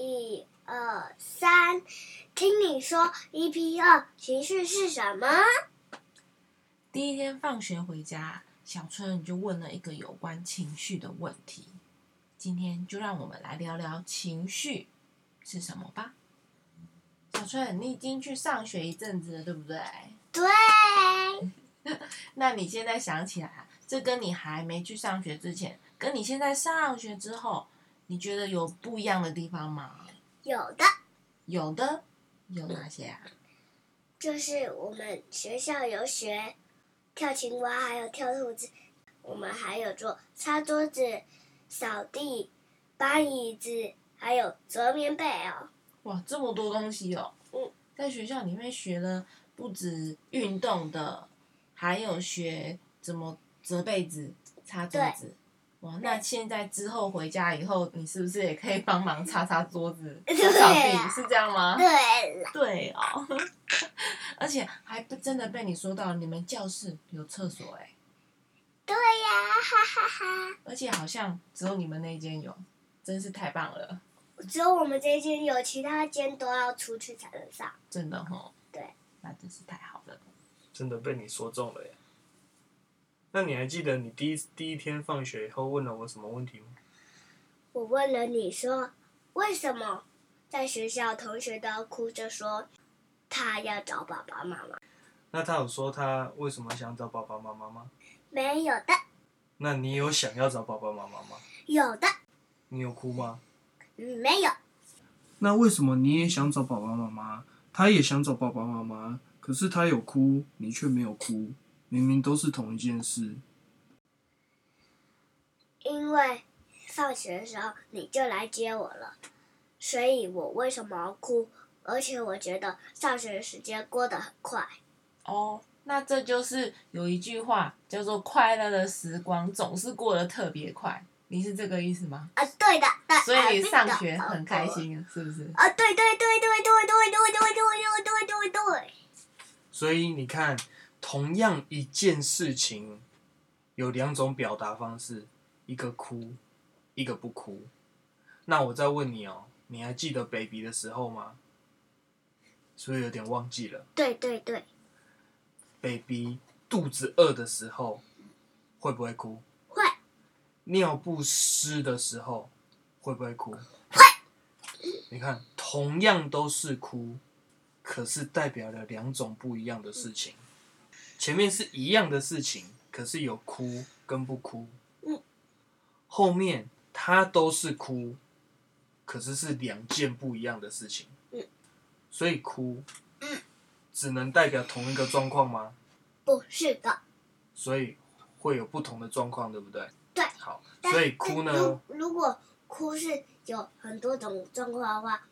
一二三，聽你說，EP2 情緒是什麼？第一天放學回家，小春就問了一個有關情緒的問題。今天就讓我們來聊聊情緒是什麼吧。小春，你已經去上學一陣子了，對不對？對。 那你現在想起來，這跟你還沒去上學之前，跟你現在上學之後。你覺得有不一樣的地方嗎？有的，有的，有哪些啊？就是我們學校有學跳青蛙，還有跳兔子，我們還有做擦桌子、掃地、搬椅子，還有折棉被哦。哇，這麼多東西哦！嗯，在學校裡面學了不止運動的，還有學怎麼折被子、擦桌子。哇，那現在之後回家以後，你是不是也可以幫忙擦擦桌子、掃掃地？是這樣嗎？對了、啊，對哦， 而且還不真的被你說到，你們教室有廁所哎。對呀、啊，哈，哈哈哈。而且好像只有你們那間有，真是太棒了。只有我們這間有，其他間都要出去才能上。真的哦。對。那真是太好了。真的被你說中了耶。那你還記得你第一第一天放學以後問了我什麼問題嗎？我問了你說，為什麼在學校同學都哭着說，他要找爸爸媽媽？那他有說他為什麼想找爸爸媽媽嗎？沒有的。那你有想要找爸爸媽媽嗎？有的。你有哭嗎？嗯，沒有。那為什麼你也想找爸爸媽媽？他也想找爸爸媽媽，可是他有哭，你卻沒有哭？明明都是同一件事。因為放學的時候你就來接我了，所以我為什麼要哭？而且我覺得上學時間過得很快。哦，那這就是有一句話叫做“快樂的時光總是過得特別快”，你是這個意思嗎？啊，對的，對。所以你上學很開心，啊，是不是？啊，對對對對對對對對對對對對，對。所以你看。同樣一件事情，有兩種表達方式，一個哭，一個不哭。那我再問你哦，你還記得 baby 的時候嗎？所以有點忘記了。對對對，baby 肚子餓的時候會不會哭？會。尿不濕的時候會不會哭？會。你看，同樣都是哭，可是代表了兩種不一樣的事情。嗯前面是一樣的事情，可是有哭跟不哭。嗯。後面他都是哭，可是是兩件不一樣的事情。嗯。所以哭。嗯。只能代表同一個狀況嗎？不是的。所以會有不同的狀況，對不對？對。好，所以哭呢？如果哭是有很多種狀況的話，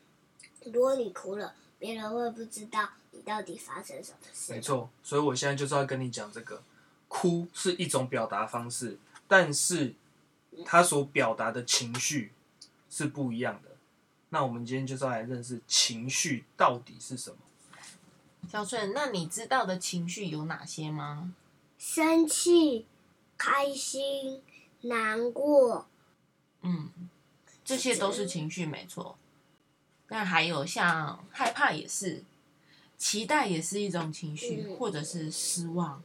如果你哭了，別人會不知道。到底發生什麼事？沒錯，所以我現在就是要跟你講這個，哭是一種表達方式，但是它所表達的情緒是不一樣的。那我們今天就是要來認識情緒到底是什麼。小春，那你知道的情緒有哪些嗎？生氣、開心、難過。嗯，這些都是情緒，沒錯。那還有像害怕也是。期待也是一種情緒，或者是失望，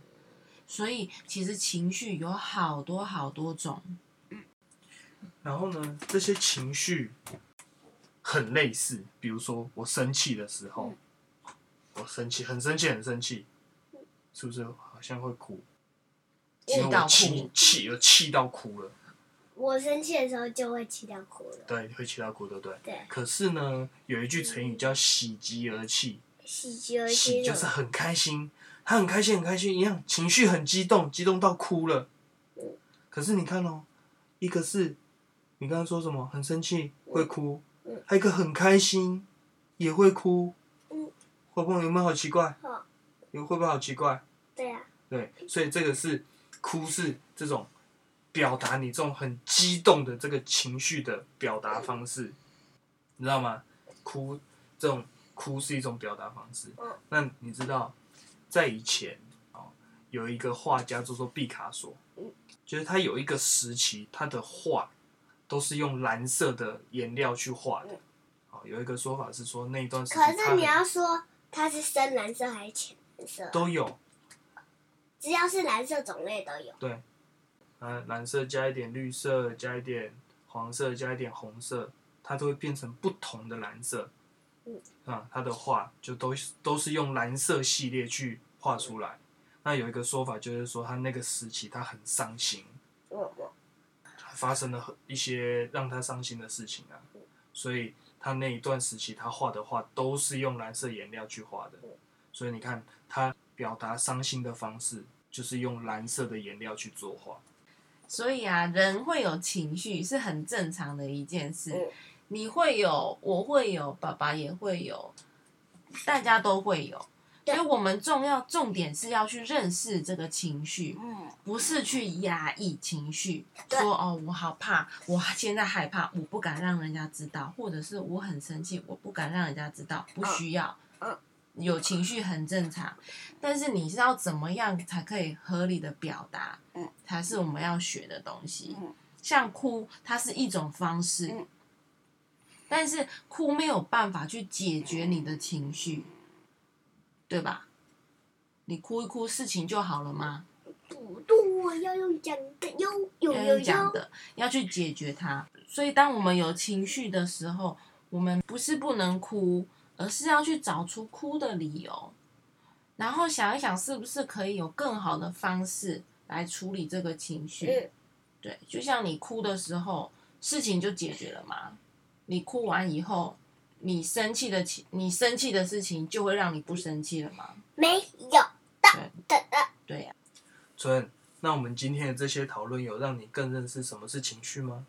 所以其實情緒有好多好多種。然後呢，這些情緒很類似，比如說我生氣的時候，嗯、我生氣，很生氣，很生氣，是不是好像會哭？氣到哭，氣有氣到哭了。我生氣的時候就會氣到哭了。對，會氣到哭，對不對？對。可是呢，有一句成語叫“喜極而泣”。嗯。嗯喜就是很開心，他很開心，很開心一樣，情緒很激動，激動到哭了。可是你看哦，一個是，你剛剛說什麼？很生氣會哭，還有一個很開心也會哭。會不會有沒有好奇怪？有會不會好奇怪？對呀。對，所以這個是哭是這種表達你這種很激動的這個情緒的表達方式，你知道嗎？哭這種。哭是一種表達方式。嗯，那你知道，在以前、哦、有一個畫家叫做畢卡索，嗯，就是他有一個時期，他的畫都是用藍色的顏料去畫的，嗯。哦，有一個說法是說那段時期，可是你要說它是深藍色還是淺藍色，都有，只要是藍色種類都有。對，啊，藍色加一點綠色，加一點黃色，加一點黃色，加一點紅色，它都會變成不同的藍色。啊、嗯，他的畫就都都是用藍色系列去畫出來。那有一個說法就是說，他那個時期他很傷心，發生了一些讓他傷心的事情啊，所以他那一段時期他畫的畫都是用藍色顏料去畫的。所以你看，他表達傷心的方式就是用藍色的顏料去做畫。所以啊，人會有情緒是很正常的一件事。嗯你會有，我會有，爸爸也會有，大家都會有。所以，我們重要重點是要去認識這個情緒，不是去壓抑情緒，說哦，我好怕，我現在害怕，我不敢讓人家知道，或者是我很生氣，我不敢讓人家知道，不需要，有情緒很正常，但是你是要怎麼樣才可以合理的表達，才是我們要學的東西。像哭，它是一種方式。但是哭沒有辦法去解決你的情緒，對吧？你哭一哭事情就好了嗎？不，我要用講的，要有有有要用講的，要去解決它。所以，當我們有情緒的時候，我們不是不能哭，而是要去找出哭的理由，然後想一想，是不是可以有更好的方式來處理這個情緒。嗯、對，就像你哭的時候，事情就解決了嗎？你哭完以後，你生氣的情，你生氣的事情就會讓你不生氣了嗎？沒有的，對呀。春、啊，So, 那我們今天的這些討論有讓你更認識什麼是情緒嗎？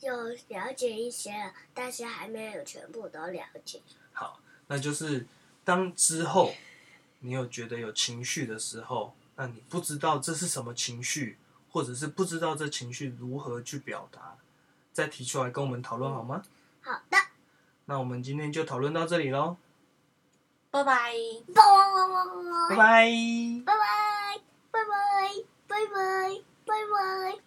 有了解一些了，但是還沒有全部都了解。好，那就是當之後你有覺得有情緒的時候，那你不知道這是什麼情緒，或者是不知道這情緒如何去表達。再提出來跟我們討論好嗎？嗯，好的，那我們今天就討論到這裡嘍，拜拜，拜拜，拜拜，拜拜，拜拜，拜拜，拜拜，拜拜。